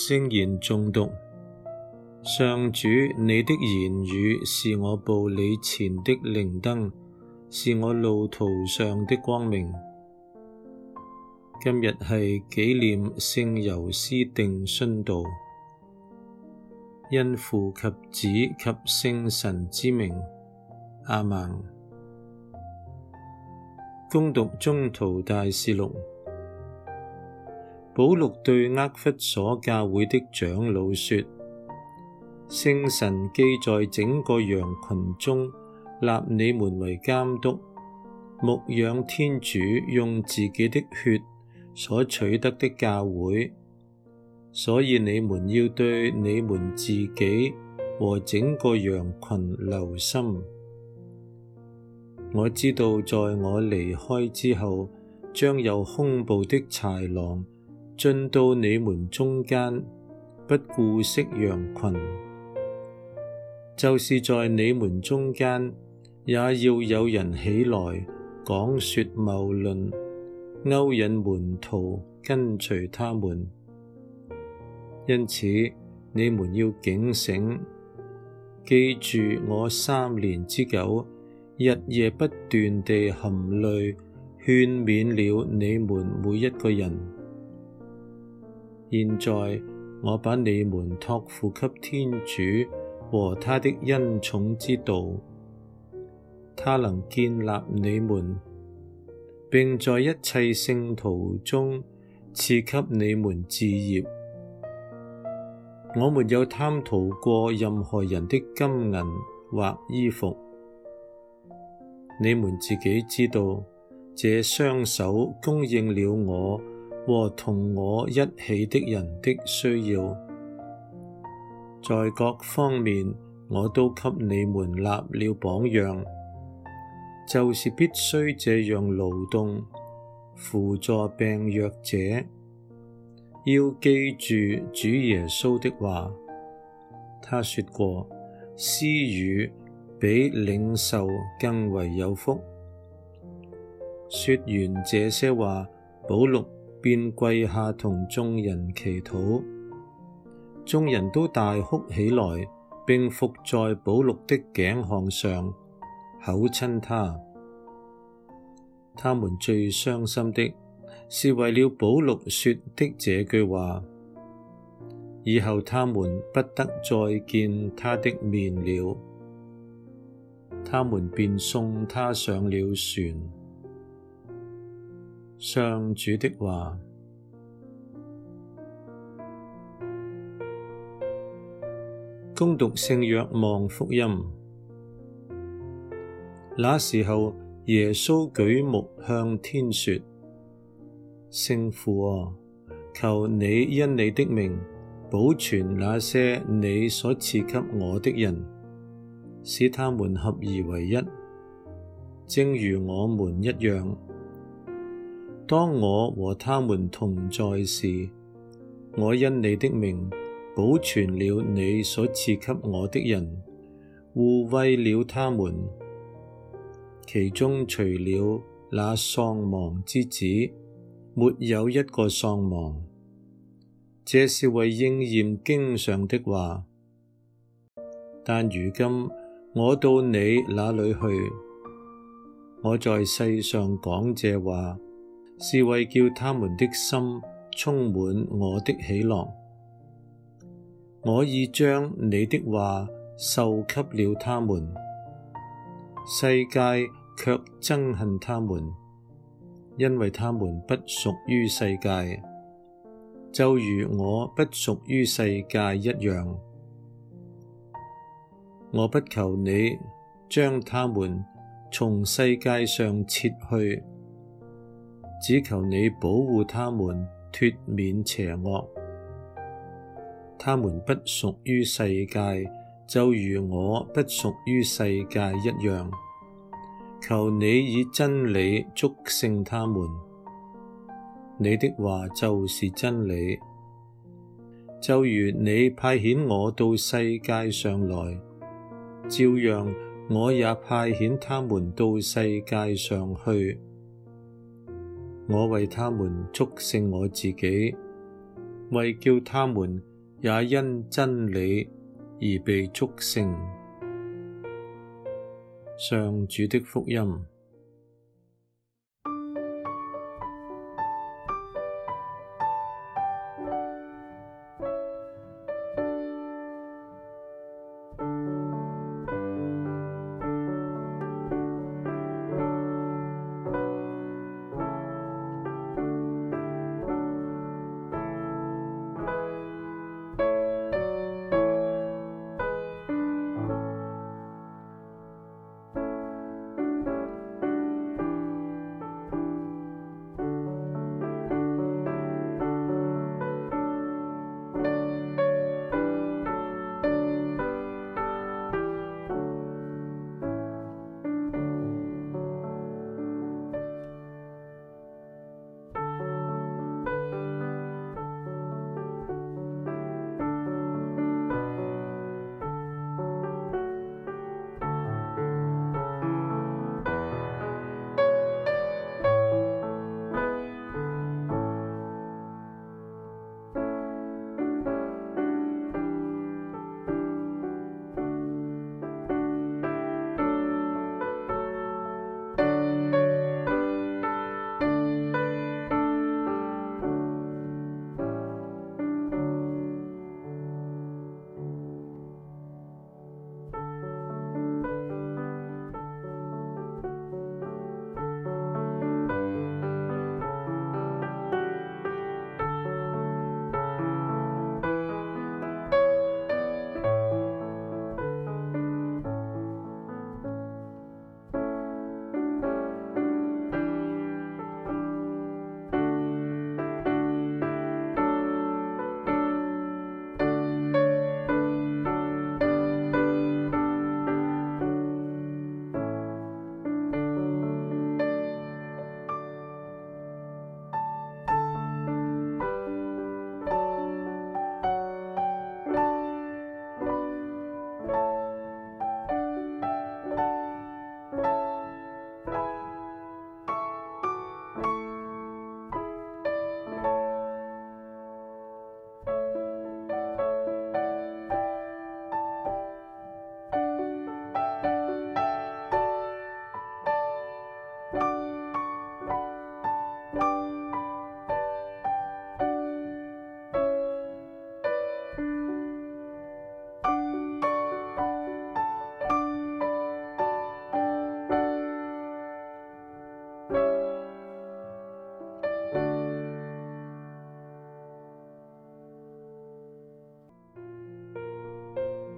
聖言誦讀，上主，你的言語是我步履前的靈燈，是我路途上的光明。今日係紀念聖猶思定殉道，因父及子及聖神之名，阿孟。恭讀宗徒大事錄。保祿對厄弗所教會的長老說：聖神既在整個羊群中立你們為監督，牧養天主用自己的血所取得的教會，所以你們要對你們自己和整個羊群留心。我知道在我離開之後，將有兇暴的豺狼。進到你們中間，不顧惜羊群，就是在你們中間也要有人起來講說謬論，勾引門徒跟隨他們。因此，你們要警醒，記住我三年之久，日夜不斷地含淚勸勉了你們每一個人。現在我把你們託付給天主和他的恩寵之道，他能建立你們，並在一切聖徒中賜給你們嗣業。我沒有貪圖過任何人的金銀或衣服。你們自己知道，這雙手供應了我。和同我一起的人的需要，在各方面我都給你們立了榜樣，就是必須這樣勞動，扶助病弱者。要記住主耶穌的話，他說過：施予比領受更為有福。說完這些話，保祿。便跪下同眾人祈禱，眾人都大哭起來，並伏在保祿的頸項上，口親他。他們最傷心的是為了保祿說的這句話，以後他們不得再見他的面了。他們便送他上了船。上主的話。恭讀聖若望福音。那時候，耶穌舉目向天說：聖父啊，求你因你的名保全那些你所賜給我的人，使他們合而為一，正如我們一樣。當我和他們同在時，我因你的名保全了你所賜給我的人，護慰了他們，其中除了那喪亡之子，沒有一個喪亡。這是為應驗經上的話。但如今我到你那裏去，我在世上講這話。是為叫他們的心充滿我的喜樂。我已將你的話授給了他們，世界却憎恨他們，因為他們不屬於世界，就如我不屬於世界一樣。我不求你將他們從世界上撤去。只求你保護他們脫免邪惡，他們不屬於世界，就如我不屬於世界一樣。求你以真理祝聖他們，你的話就是真理。就如你派遣我到世界上來，照樣我也派遣他們到世界上去。我為他們祝聖我自己，為叫他們也因真理而被祝聖。上主的福音。